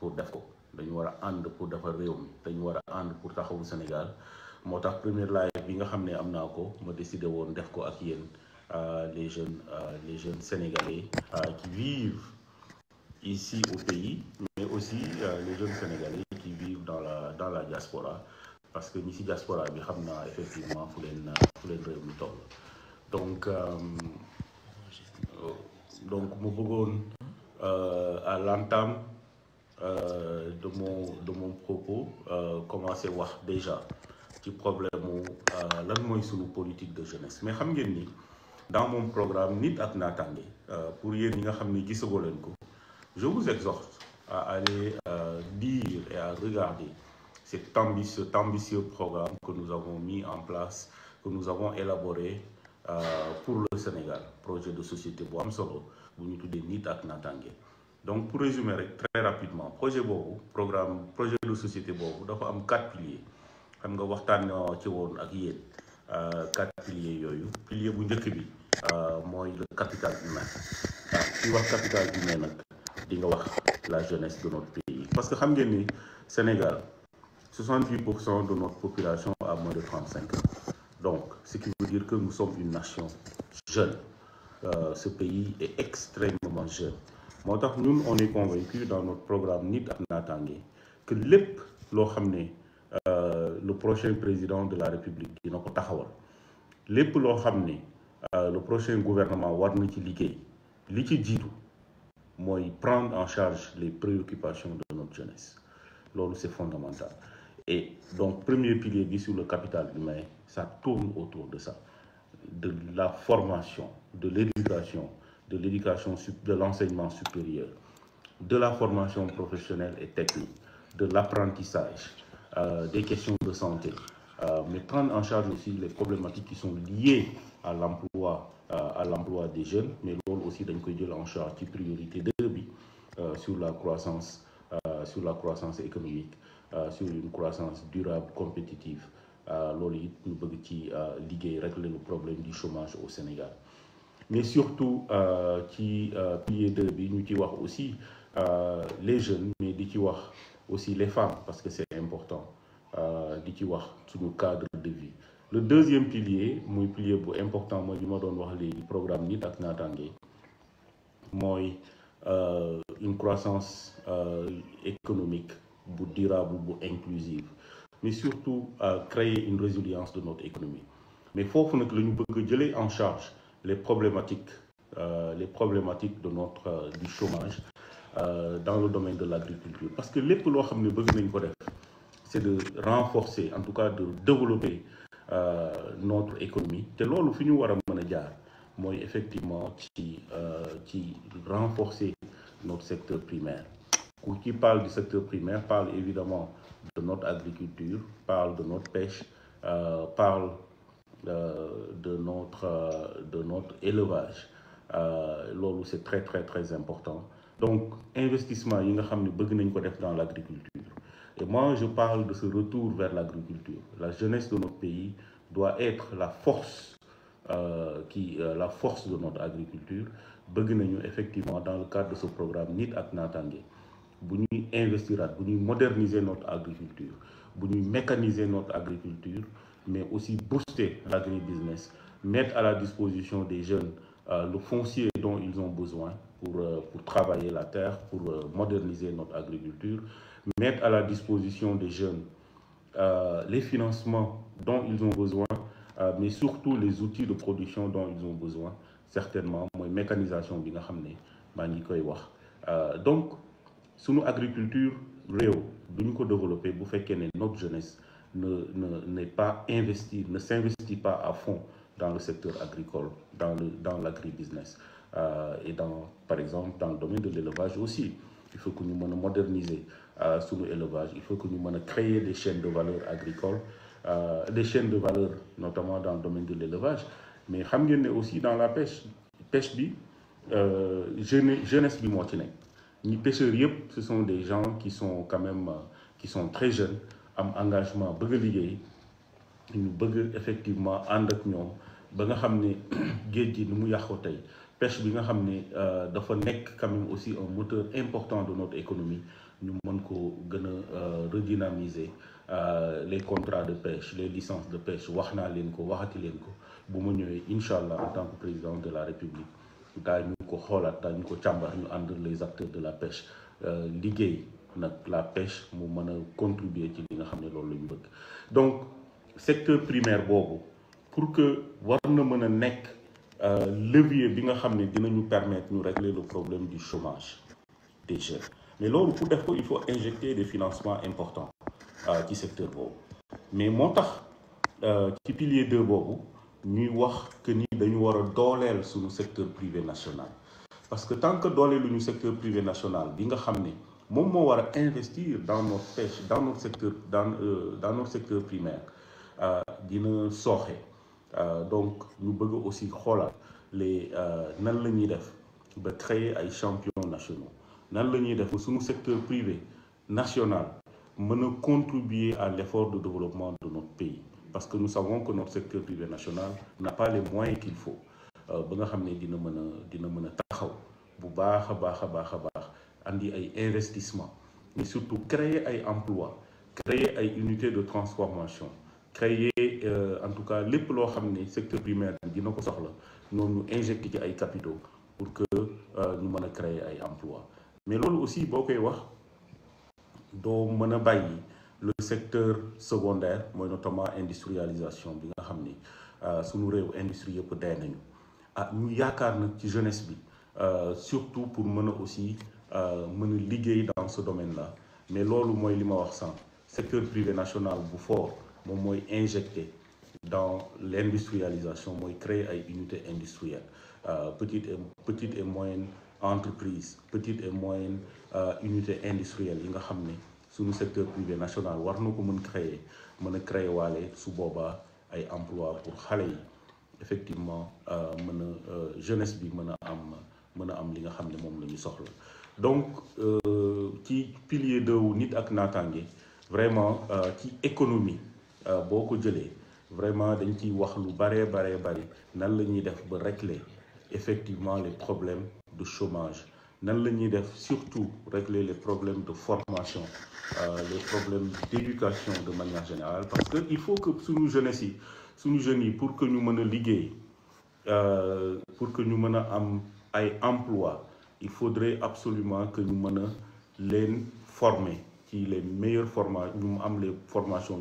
pour def ko dañu wara and pour defar réew mi dañu wara and pour taxawu Sénégal motax premier première live bi nga xamné ne ko ma décidé won def ko ak euh, les jeunes euh, les jeunes sénégalais euh, qui vivent ici au pays mais aussi les jeunes sénégalais qui vivent dans la dans la diaspora parce que ici ci diaspora bi xamna effectivement fu leen fu leen réew mi donc donc bëggone euh, à l'entame euh, de mon de mon propos euh, commencer voir déjà ci problème de euh, lan politique de jeunesse mais xam dans mon programme nit ak pour vous je vous exhorte à aller dire et à regarder cet ambitieux ambitieux programme que nous avons mis en place que nous avons élaboré pour le Sénégal projet de société bu am solo bu ñu tuddee nit donc pour résumer très rapidement projet le programme projet de société il y a quatre piliers xam nga vous euh, quatre piliers le pilier bu euh, le capital humain Le ah, capital humain c'est la jeunesse de notre pays parce que nous sommes ni Sénégal 68 de notre population a moins de 35 ans donc ce qui veut dire que nous sommes une nation jeune euh, ce pays est extrêmement jeune nous on est convaincu dans notre programme nit ak que lepp euh, le prochain président de la république dina ko taxawal lepp lo xamné euh, le prochain gouvernement war ci li prendre en charge les préoccupations de notre jeunesse c'est fondamental et donc premier pilier sur le capital humain ça tourne autour de ça de la formation de l'éducation de l'éducation, de l'enseignement supérieur, de la formation professionnelle et technique, de l'apprentissage, euh, des questions de santé, euh, mais prendre en charge aussi les problématiques qui sont liées à l'emploi euh, à l'emploi des jeunes, mais aussi d'inclure koy en charge priorité de bi sur la croissance sur la croissance économique sur une croissance durable compétitive loolu it nous bëgg ci régler le problème du chômage au Sénégal mais surtout euh, qui pilier euh, de bi ñu aussi euh, les jeunes mais aussi les femmes parce que c'est important di voir wax suñu cadre de vie le deuxième pilier mon pilier important moi bi ma voir les programmes programme nit une croissance économique durable bu inclusive mais surtout créer une résilience de notre économie mais il faut que nous puissions en charge les problématiques, euh, les problématiques de notre, euh, du chômage euh, dans le domaine de l'agriculture. Parce que les c'est de renforcer, en tout cas de développer notre économie. C'est ce que nous avons effectivement qui, qui renforcer notre secteur primaire. Qui parle du secteur primaire parle évidemment de notre agriculture, parle de notre pêche, parle euh, de, notre, euh, de notre élevage euh, c'est très très très important donc investissement il nga dans l'agriculture et moi je parle de ce retour vers l'agriculture la jeunesse de notre pays doit être la force qui la force de notre agriculture Nous effectivement dans le cadre de ce programme nit ak nous moderniser notre agriculture nous mécaniser notre agriculture mais aussi booster l'agribusiness, mettre à la disposition des jeunes euh, le foncier dont ils ont besoin pour, euh, pour travailler la terre, pour euh, moderniser notre agriculture, mettre à la disposition des jeunes les financements dont ils ont besoin, mais surtout les outils de production dont ils ont besoin, certainement, mécanisation bien nga xam ne koy donc sur agriculture réelle, nous ko développer bu notre jeunesse ne, n'est pas investi, ne s'investit pas à fond dans le secteur agricole, dans l'agribusiness. Dans euh, et dans, par exemple, dans le domaine de l'élevage aussi, il faut que nous moderniser euh, sous l'élevage, il faut que nous créer des chaînes de valeur agricoles, euh, des chaînes de valeur, notamment dans le domaine de l'élevage. Mais nous aussi dans la pêche. Pêche bi, euh, jeunesse bi Ni pêcheurs, ce sont des gens qui sont quand même qui sont très jeunes, am engagement bëgg ñu bëgg effectivement ànd ak ñoom ba nga xam ne ni mu yàqoo tey pêche bi nga xam ne euh, dafa nekk quand même aussi un moteur important de notre économie ñu mën ko gën a euh, redynamiser euh, les contrats de pêche les licences de pêche wax naa leen ko waxati leen ko bu ma ñëwee en tant que président de la république ñu ko xoolaat ñu ko càmbar ñu ànd les acteurs de la pêche liggéey la pêche mu mën contribuer ci li nga xamné loolu donc secteur primaire pour que war na mën nek euh, levier bi nga xamné dinañu permettre ñu régler le problème du chômage des mais là, pour def il faut injecter des financements importants euh, ci secteur mais moo tax euh, ci pilier 2 bobu ñuy wax que ni dañu war a dooleel secteur privé national parce que tant que dooleeluñu secteur privé national bi nga xam ne mon mot à investir dans notre pêche dans notre secteur dans euh, dans notre secteur primaire euh, euh, donc nous voulons aussi les créer des champions nationaux secteur privé national contribuer à l'effort de développement de notre pays parce que nous savons que notre secteur privé national n'a pas les moyens qu'il faut Nous andi ay investissement mais surtout créer ay emploi créer ay unités de transformation créer euh, en tout cas lepp lo secteur primaire bi injectons des soxla ay capitaux pour que euh, nous puissions créer ay emploi mais lolu aussi bokay wax do le secteur secondaire notamment industrialisation nous avons xamné euh suñu réew industrie yëpp day nañu ah ñu yaakar jeunesse euh, surtout pour nous aussi euh, mën a liggéey dans ce domaine là mais loolu mooy li ma wax sànq secteur privé national bu fort moom mooy injecté dans l'industrialisation mooy créer ay unité industrielle euh, petite et petite et moyenne entreprise petite et moyenne euh, unité industrielle yi nga xam ne le secteur privé national war na ko mën créer mën a créer waale su boobaa ay emploi pour xale yi effectivement mën a jeunesse bi mën a am mën a am li nga xam la soxla donc qui euh, pilier de nit ak vraiment euh, ci économie beaucoup de les vraiment dañ ciy wax lu régler effectivement les problèmes de chômage nan surtout régler les problèmes de formation euh, les problèmes d'éducation de manière générale parce qu'il il faut que nous, jeunesse jeunes pour que nous soyons liguer, pour que nous soyons à il faudrait absolument que nous menons les former les meilleurs formations nous avons les formations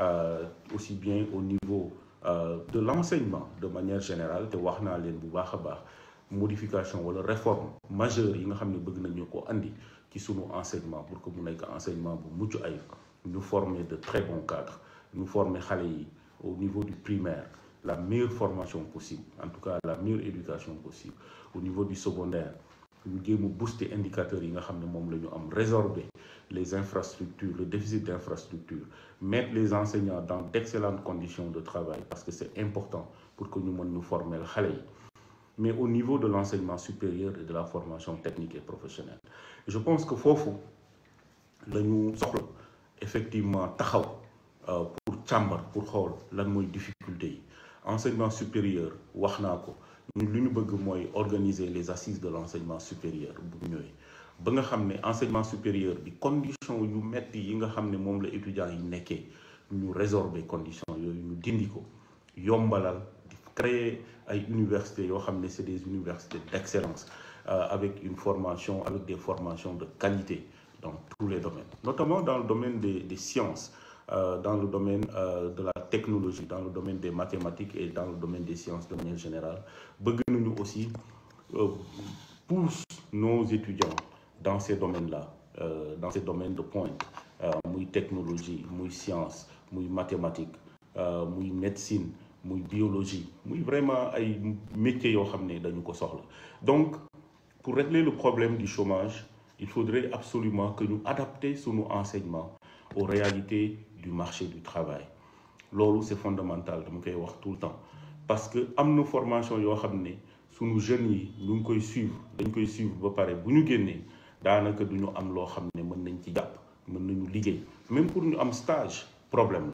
euh, aussi bien au niveau euh, de l'enseignement de manière générale de wax naa bu la réforme majeure yi nga xam enseignement pour que mu nekk enseignement former de très bons cadres nous former les au niveau du primaire la meilleure formation possible, en tout cas la meilleure éducation possible. Au niveau du secondaire, nous devons booster les indicateurs, résorber les infrastructures, le déficit d'infrastructures, mettre les enseignants dans d'excellentes conditions de travail, parce que c'est important pour que nous nous formions mais au niveau de l'enseignement supérieur et de la formation technique et professionnelle. Je pense que Fofo, nous sommes effectivement euh, pour chambre, pour hall, la difficulté enseignement supérieur nous naa ko bëgg organiser les assises de l'enseignement supérieur bu ba nga enseignement supérieur bi condition yu metti yi nga ne la étudiants Nous nekké les conditions nous ñu dindi yombalal créer ay universités yo xamné c'est des universités d'excellence, euh, avec une formation avec des formations de qualité dans tous les domaines notamment dans le domaine des sciences euh, dans le domaine euh, de la technologie, dans le domaine des mathématiques et dans le domaine des sciences de manière générale. Nous aussi euh, pousse nos étudiants dans ces domaines-là, dans ces domaines de pointe, mouille technologie, mouille science, mathématiques, mouille médecine, mouille biologie, mouille vraiment ay métiers yo xamné dans nos Donc pour régler le problème du chômage, il faudrait absolument que nous adaptions nos enseignements aux réalités du marché du travail loolu c'est fondamental je koy wax tout le temps parce que am na formation yoo xam sous nos jeunes nous ñu nous koy suivre dañ koy suivre ba nous bu ñu génnee daanaka du ñu am loo xam ne mën nañ ci même pour ñu am stage problème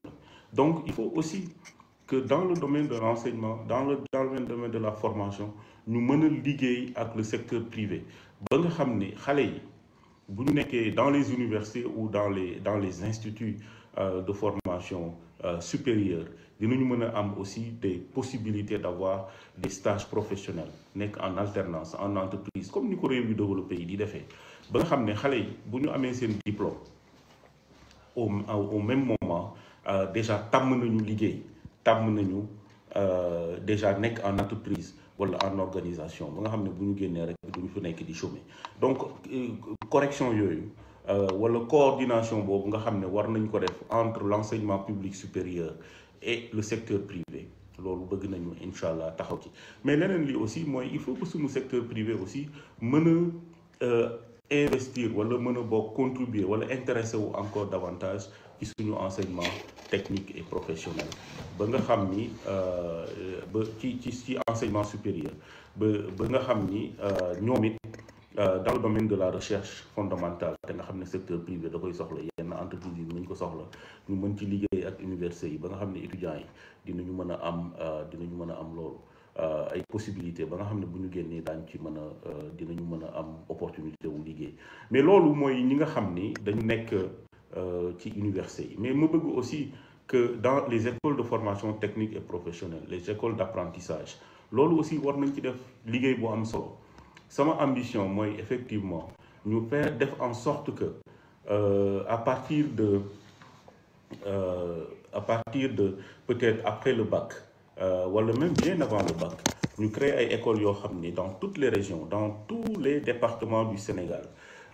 donc il faut aussi que dans le domaine de l'enseignement dans le dans le domaine de la formation nous menons liguer avec le secteur privé ba nga xam ne yi dans les universités ou dans les dans les instituts euh, de formation euh, supérieure nous avons aussi des possibilités d'avoir des stages professionnels en alternance en entreprise comme nous ko réew développer. développé yi di defee ba nga xam ne xale diplôme au au même moment euh, déjà nous nañu déjà en entreprise ou en organisation nous avons xam nous bu rek duñu donc correction euh, wala coordination boobu nga xam war nañ ko def entre l'enseignement public supérieur et le secteur privé loolu bëgg nañu nous allah mais leneen li aussi moi, il faut que suñu secteur privé aussi mën euh, investir wala mën contribuer wala intéressé wu encore davantage ci suñu enseignement technique et professionnel ba nga xam ni euh, euh, ba enseignement supérieur ba ba nga xam ni euh, dans le domaine de la recherche fondamentale te nga xam le secteur privé da koy soxla yenn entreprise yi nañ ko soxla ñu mën ci liggéey ak université yi ba nga xam ne étudiants yi dinañu mën a am euh, dinañu mën a am loolu euh, ay possibilité ba nga xamné buñu génné dañ ci mëna a dinañu mëna am opportunité wu liggéey mais loolu moy ñi nga xamné dañ nek nekk ci université mais ma bëgg aussi que dans les écoles de formation technique et professionnelle les écoles d'apprentissage loolu aussi war nañ ci def liggéey bu am solo sama ambition moi, effectivement ñu faire def en sorte que euh, à partir de euh, à partir de peut-être après le bac ou euh, même bien avant le bac nous créer des écoles yo dans toutes les régions dans tous les départements du Sénégal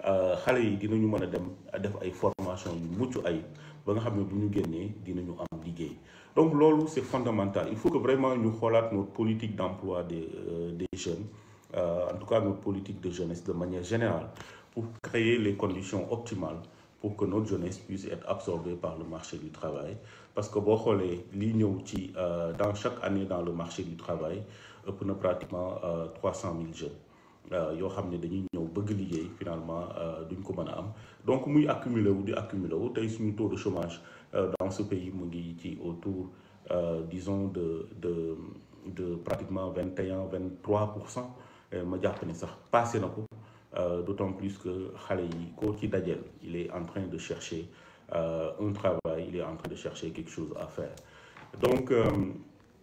euh, xalé yi dinañu mëna dem def ay formation yu mucc ay ba nga xam ne bu am donc c'est fondamental il faut que vraiment ñu notre politique d'emploi des euh, des jeunes euh, en tout cas nos politiques de jeunesse de manière générale, pour créer les conditions optimales pour que notre jeunesse puisse être absorbée par le marché du travail. Parce que bon, les euh, dans chaque année dans le marché du travail, pour pratiquement 300 euh, 000 jeunes. Euh, yo xamné dañuy ñëw bëgg liggéey finalement euh, duñ ko mëna am donc muy accumulé wu di accumulé wu tay suñu taux de chômage dans ce pays mu ngi ci autour disons de de de pratiquement 21-23% ma jàpp ne sax passé nako ko euh, d'autant plus que xale yi ko ci dajel il est en train de chercher euh, un travail il est en train de chercher quelque chose à faire donc euh,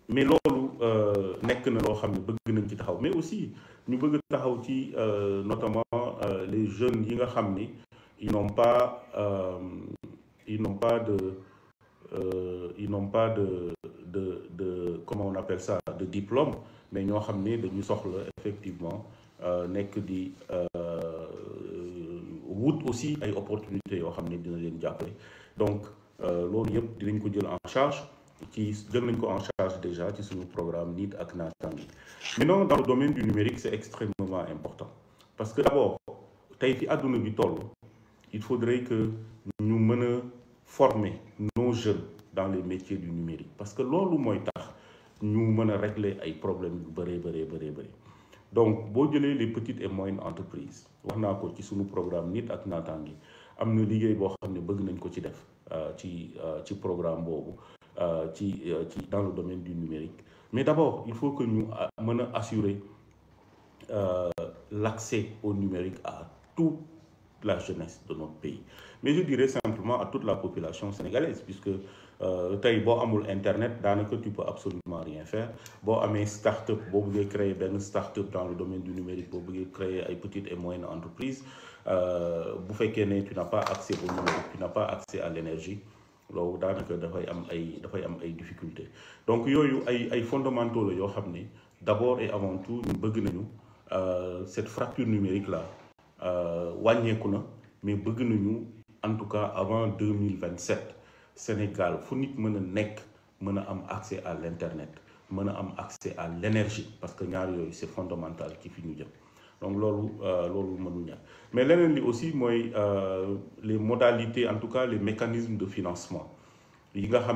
mais lolu euh, nek na lo xamni ne bëgg nañ ci taxaw mais aussi ñu bëgg taxaw ci euh, notamment euh, les jeunes yi nga xamni ni ils n'ont pas euh, ils n'ont pas de euh, ils n'ont pas de de de comment on appelle ça de diplôme mais nous savons que nous soxla effectivement euh, nekk di euh, wut aussi ay opportunités yo xamné ne dina leen donc euh, loolu yëpp dinañ ko jël en charge ci jël nañ ko en charge déjà ci suñu programme nit ak maintenant dans le domaine du numérique c'est extrêmement important parce que d'abord tay fi aduna bi toll il faudrait que nous mëna former nos jeunes dans les métiers du numérique parce que loolu moy tax nous mën régler ay problèmes Donc, si bëree bëree donc les petites et moyennes entreprises on a ko ci nos programme nit ak naataangi am Amener liggéey boo xam nañ ko ci programme dans le domaine du numérique mais d'abord il faut que euh, nous assurions assurer euh, l'accès au numérique à toute la jeunesse de notre pays mais je dirais simplement à toute la population sénégalaise puisque si euh, boo amul internet daanaka tu peux absolument rien faire Si amee start-up boo créer start-up dans le domaine du numérique boo bëggee créer ay petite et moyennes entreprises euh, bu fekkee ne tu n'as pas accès au numérique tu n'as pas accès à l'énergie loolu daanaka dafay am ay am difficultés donc yooyu ay ay fondamentaux la yoo d'abord et avant tout nous bëgg nañu euh, cette fracture numérique là wàññeeku na mais bëgg nañu en tout cas avant 2027. Sénégal fu nit mën accès à l'internet accès à l'énergie parce que c'est fondamental qui finit ñu donc euh, mais aussi euh, les modalités en tout cas les mécanismes de financement yi nga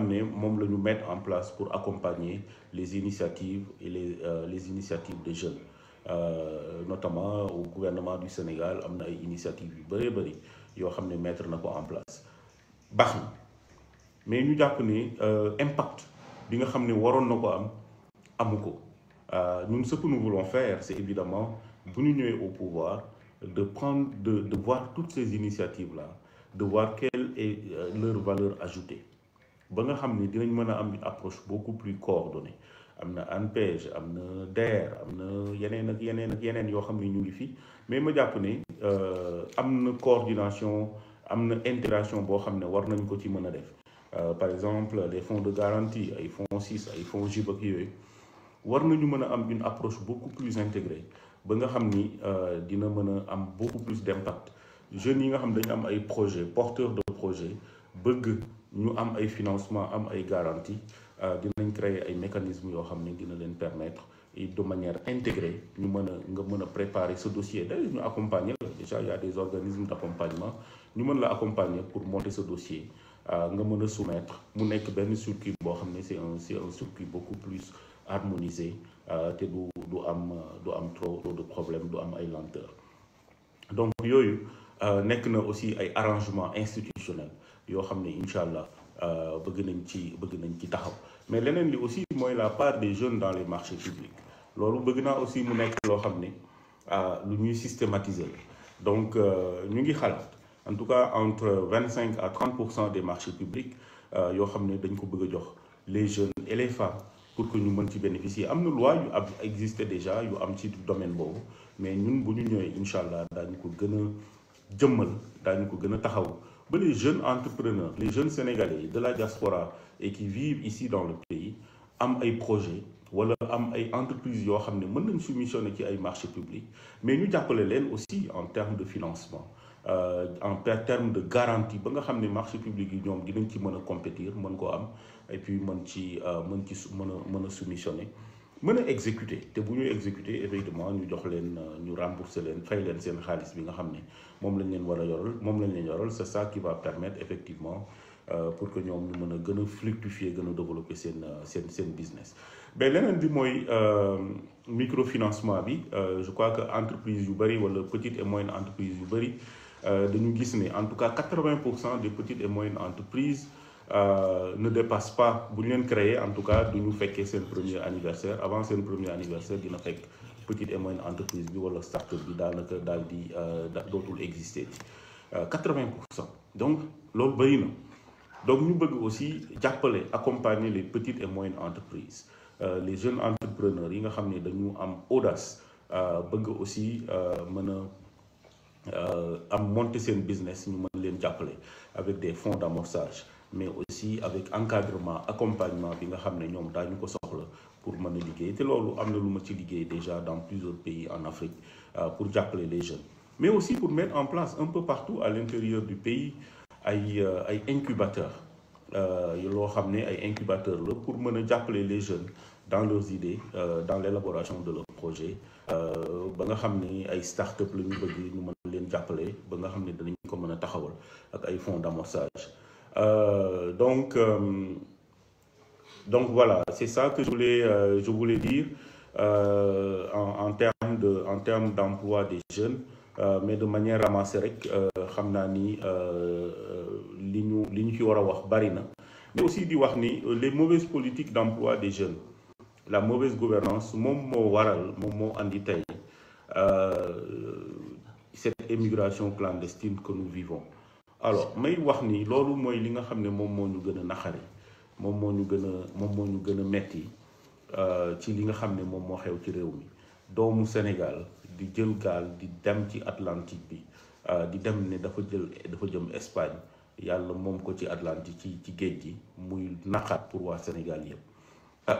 mettre en place pour accompagner les initiatives et les euh, les initiatives des jeunes notamment au gouvernement du Sénégal il y ay initiatives yu bëree mettre en place mais ñu jàpp ni euh, impact bi nga xam ne na ko am ñun euh, ce que nous voulons faire c'est évidemment bu ñu au pouvoir de prendre de de voir toutes ces initiatives là de voir quelle est euh, leur valeur ajoutée ba nga nous avons dinañ mën am une approche beaucoup plus coordonnée Amna na ANPEJ am na DER am na ak yenen ak yenen yo xam ñu ngi fi mais ma japp ne euh amna coordination amna interaction intégration boo xam war nañ ko ci mëna def euh, par exemple les fonds de garantie ils fonds 6, ils font jib Nous nous war une approche beaucoup plus intégrée Nous euh, avons beaucoup plus d'impact jeunes yi nga xam projet porteur de projet Nous avons am ay financement am ay garantie euh, dinañ créer ay mécanismes mécanisme qui nous permettre de manière intégrée nous avons préparer ce dossier d'ailleurs ñu déjà il y a des organismes d'accompagnement Nous avons accompagné pour monter ce dossier euh, nga mën a soumettre mu nekk benn circuit boo xam ne c'est un c'est un circuit beaucoup plus harmonisé euh, te du du am du am trop trop de problème du am ay lenteur donc yooyu euh, nekk na aussi ay arrangements institutionnels yoo xam ne incha allah bëgg nañ ci bëgg nañ ci taxaw mais leneen li aussi mooy la part des jeunes dans les marchés publics loolu bëgg naa aussi mu nekk loo xam ne lu ñuy systématiser donc ñu ngi xalaat en tout cas entre 25 à 30% des marchés publics euh, dañ ko bëgg les jeunes et les femmes pour que nous mën ci bénéficier amna loi yu existé déjà yu am ci domaine bobu mais nous, devons, ñu nous, dañ ko les jeunes entrepreneurs les jeunes sénégalais de la diaspora et qui vivent ici dans le pays am des projets wala am ay entreprises yo xamné mën nañ missioner ci ay marchés publics mais nous jappalé aussi en termes de financement euh, en terme de garantie ba nga xam marché public yi ñoom dinañ ci mën compétir mën am et puis mën ci euh, mën ci mën a soumissionner exécuter te bu exécuter évidemment ñu jox leen euh, ñu rembourser leen fay leen seen xaalis bi nga xam ne lañ leen lañ leen c'est ça qui va permettre effectivement pour que ñoom ñu mën a fructifier gën développer seen seen seen business. mais ben, leneen bi mooy microfinancement bi je crois que entreprise yu bëri wala petite et moyenne entreprise yu euh, de nous en tout cas 80% des petites et moyennes entreprises euh, ne dépassent pas bu ñu créer en tout cas de que fekkee le premier anniversaire avant le premier anniversaire de fekk petite et moyenne entreprise bi wala start-up bi daanaka euh, existait. 80%. donc nous donc aussi accompagner les petites et moyennes entreprises les jeunes entrepreneurs yi nga xam l'audace dañu nous aussi à euh, monter son business avec des fonds d'amorçage mais aussi avec encadrement accompagnement pour mën liggéey te loolu am na déjà dans plusieurs pays en Afrique euh, pour appeler les jeunes mais aussi pour mettre en place un peu partout à l'intérieur du pays des euh, incubateurs loo xam ne ay pour mën les jeunes dans leurs idées euh, dans l'élaboration de leur projet euh, ba nga xam ni ay start-up la ñu bëgg ñu mën leen ba nga a taxawal ak ay fonds d'amorçage euh, donc donc voilà c'est ça que je voulais je voulais dire en en termes de en termes d'emploi des jeunes mais de manière ramassée euh, xam naa ni li ñu ci wax bari na mais aussi di wax ni les mauvaises politiques d'emploi des jeunes la mauvaise gouvernance mon mot waral euh, cette émigration clandestine que nous vivons alors may wax ni dire que li nga que nous ñu a naxari fait de ñu euh, ci li Sénégal di jël di dem Atlantique euh, di dem Espagne ko ci Atlantique ci ci pour Sénégal ah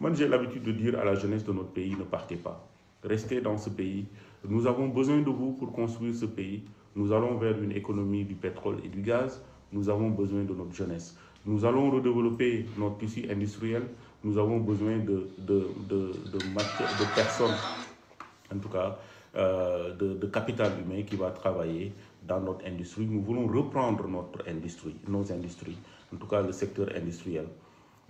Moi, j'ai l'habitude de dire à la jeunesse de notre pays, ne partez pas. Restez dans ce pays. Nous avons besoin de vous pour construire ce pays. Nous allons vers une économie du pétrole et du gaz. Nous avons besoin de notre jeunesse. Nous allons redévelopper notre tissu industriel. Nous avons besoin de, de, personnes, en tout cas, euh, de, de, capital humain qui va travailler dans notre industrie. Nous voulons reprendre notre industrie, nos industries, en tout cas le secteur industriel.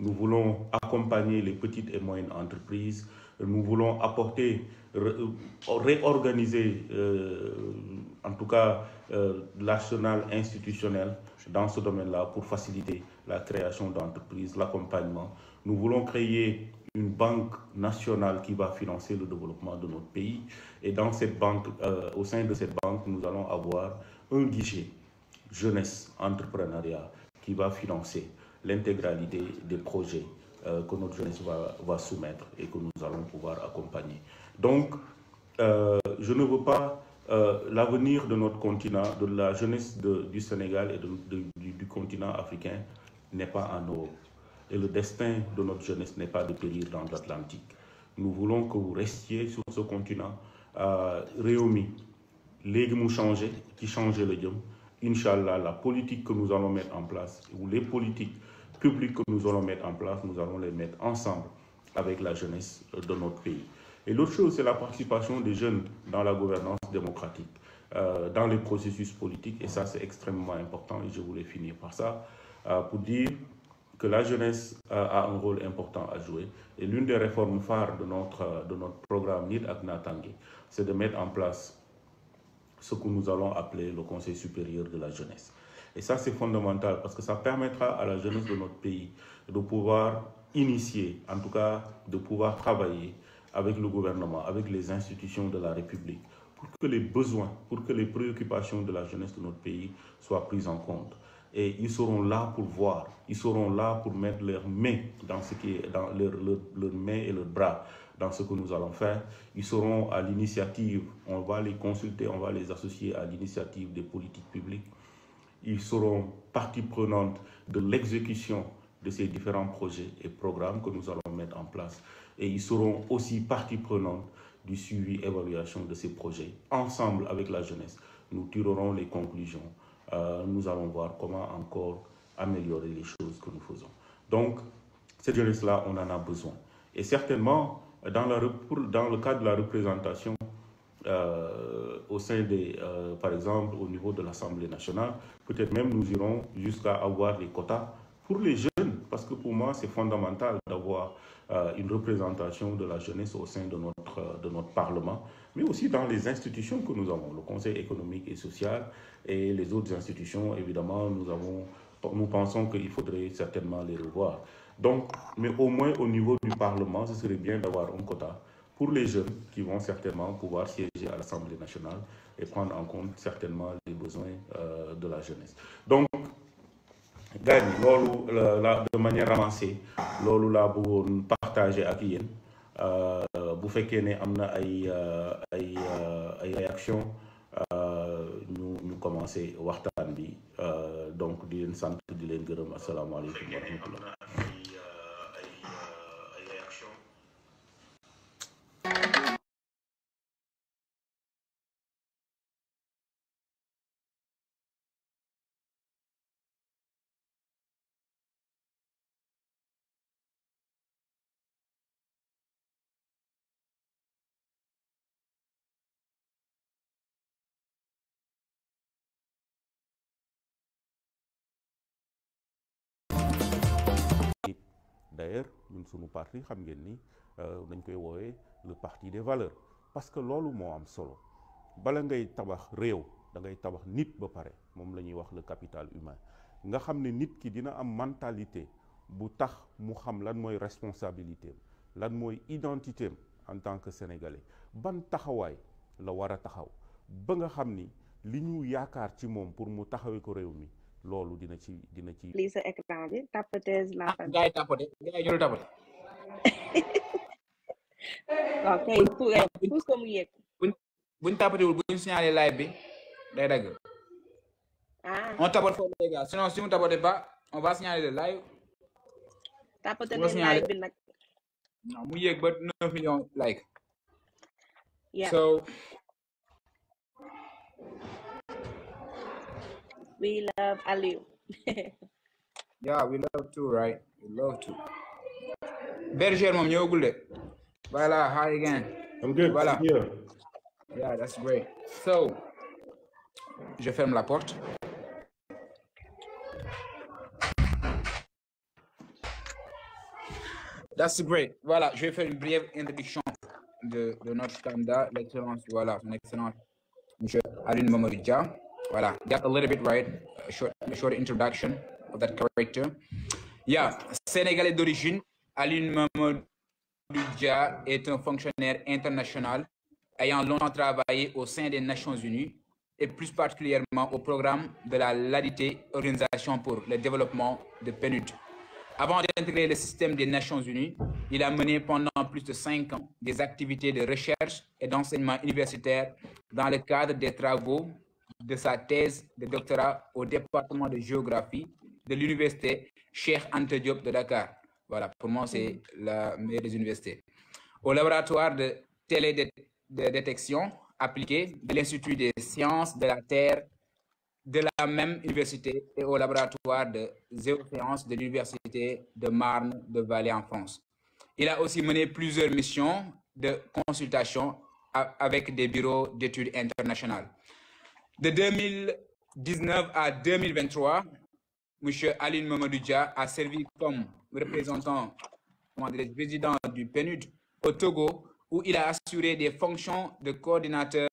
Nous voulons accompagner les petites et moyennes entreprises. Nous voulons apporter, euh, réorganiser, euh, en tout cas, euh, l'arsenal institutionnel dans ce domaine-là pour faciliter la création d'entreprises, l'accompagnement. Nous voulons créer une banque nationale qui va financer le développement de notre pays. Et dans cette banque, au sein de cette banque, nous allons avoir un guichet jeunesse entrepreneuriat qui va financer l'intégralité des projets euh, que notre jeunesse va, soumettre et que nous allons pouvoir accompagner. Donc, euh, je ne veux pas euh, l'avenir de notre continent, de la jeunesse du Sénégal et du, continent africain n'est pas en Europe. Et le destin de notre jeunesse n'est pas de périr dans l'Atlantique. Nous voulons que vous restiez sur ce continent réunis. Les qui changer, qui changent le diable. Inch'Allah, la politique que nous allons mettre en place, ou les politiques publics que nous allons mettre en place, nous allons les mettre ensemble avec la jeunesse de notre pays. Et l'autre chose, c'est la participation des jeunes dans la gouvernance démocratique, euh, dans les processus politiques. Et ça, c'est extrêmement important. Et je voulais finir par ça, euh, pour dire que la jeunesse euh, a un rôle important à jouer. Et l'une des réformes phares de notre, de notre programme NID Aknatangé, c'est de mettre en place ce que nous allons appeler le Conseil supérieur de la jeunesse. Et ça, c'est fondamental parce que ça permettra à la jeunesse de notre pays de pouvoir initier, en tout cas de pouvoir travailler avec le gouvernement, avec les institutions de la République, pour que les besoins, pour que les préoccupations de la jeunesse de notre pays soient prises en compte. Et ils seront là pour voir, ils seront là pour mettre leurs mains dans ce qui est, dans leur, et leurs bras dans ce que nous allons faire. Ils seront à l'initiative, on va les consulter, on va les associer à l'initiative des politiques publiques ils seront partie prenante de l'exécution de ces différents projets et programmes que nous allons mettre en place. Et ils seront aussi partie prenante du suivi et évaluation de ces projets. Ensemble avec la jeunesse, nous tirerons les conclusions. Euh, nous allons voir comment encore améliorer les choses que nous faisons. Donc, cette jeunesse-là, on en a besoin. Et certainement, dans, dans le cadre de la représentation euh, au sein des, euh, par exemple, au niveau de l'Assemblée nationale. Peut-être même nous irons jusqu'à avoir les quotas pour les jeunes, parce que pour moi, c'est fondamental d'avoir euh, une représentation de la jeunesse au sein de notre, euh, de notre Parlement, mais aussi dans les institutions que nous avons, le Conseil économique et social et les autres institutions. Évidemment, nous, avons, nous pensons qu'il faudrait certainement les revoir. Donc, mais au moins au niveau du Parlement, ce serait bien d'avoir un quota pour les jeunes qui vont certainement pouvoir siéger à l'Assemblée nationale et prendre en compte certainement les besoins euh, de la jeunesse. Donc, de manière avancée, nous laa pour partager à vous euh, bu vous faites ay euh, ay réaction nous commençons à donc di vous remercie. ñun suñu parti xam ngeen ni euh, dañ koy woowee le parti des valeurs parce que loolu moo am solo bala ngay tabax réew da ngay tabax nit ba pare moom la ñuy wax le capital humain nga xam ne nit ki dina am mentalité bu tax mu xam lan mooy responsabilité lan mooy identité en tant que sénégalais ban taxawaay la war a taxaw ba nga xam ni li ñu yaakaar ci moom pour mu taxawee ko réew mi loolu dina ci dina ci. lii sa écran bi tapoteuse la. ah gars yi tapote gars yi tapote. waaw kay pour ko mu yegg. buñ buñ buñ signalé live bi day dagg. Ah. on tapote foofu les si mu tapote pas on va signaler le live. tapote live bi nag. mu yegg ba neuf millions like. so. We love Aliu. yeah, we love too, right? We love too. Berger, mom, you're good. Voilà, hi again. I'm good. Voilà. Yeah. yeah, that's great. So, je ferme la porte. That's great. Voilà, je vais faire une brève introduction de, de notre candidat, l'excellence, voilà, son excellence, M. Aline Mamadou Voilà, got a little bit right. A short, introduction of that character. Yeah, Sénégalais d'origine, Aline Mamadou Dia est un fonctionnaire international ayant longtemps travaillé au sein des Nations Unies et plus particulièrement au programme de la LADIT, Organisation pour le développement de PNUD. Avant d'intégrer le système des Nations Unies, il a mené pendant plus de cinq ans des activités de recherche et d'enseignement universitaire dans le cadre des travaux de sa thèse de doctorat au département de géographie de l'université Cheikh Ante Diop de Dakar. Voilà, pour moi, c'est la meilleure des universités. Au laboratoire de télédétection appliquée de l'Institut des sciences de la Terre de la même université et au laboratoire de géosciences de l'Université de Marne de Vallée en France. Il a aussi mené plusieurs missions de consultation avec des bureaux d'études internationales. De 2019 à 2023, M. Aline Mamadouja a servi comme représentant, président du PNUD au Togo, où il a assuré des fonctions de coordinateur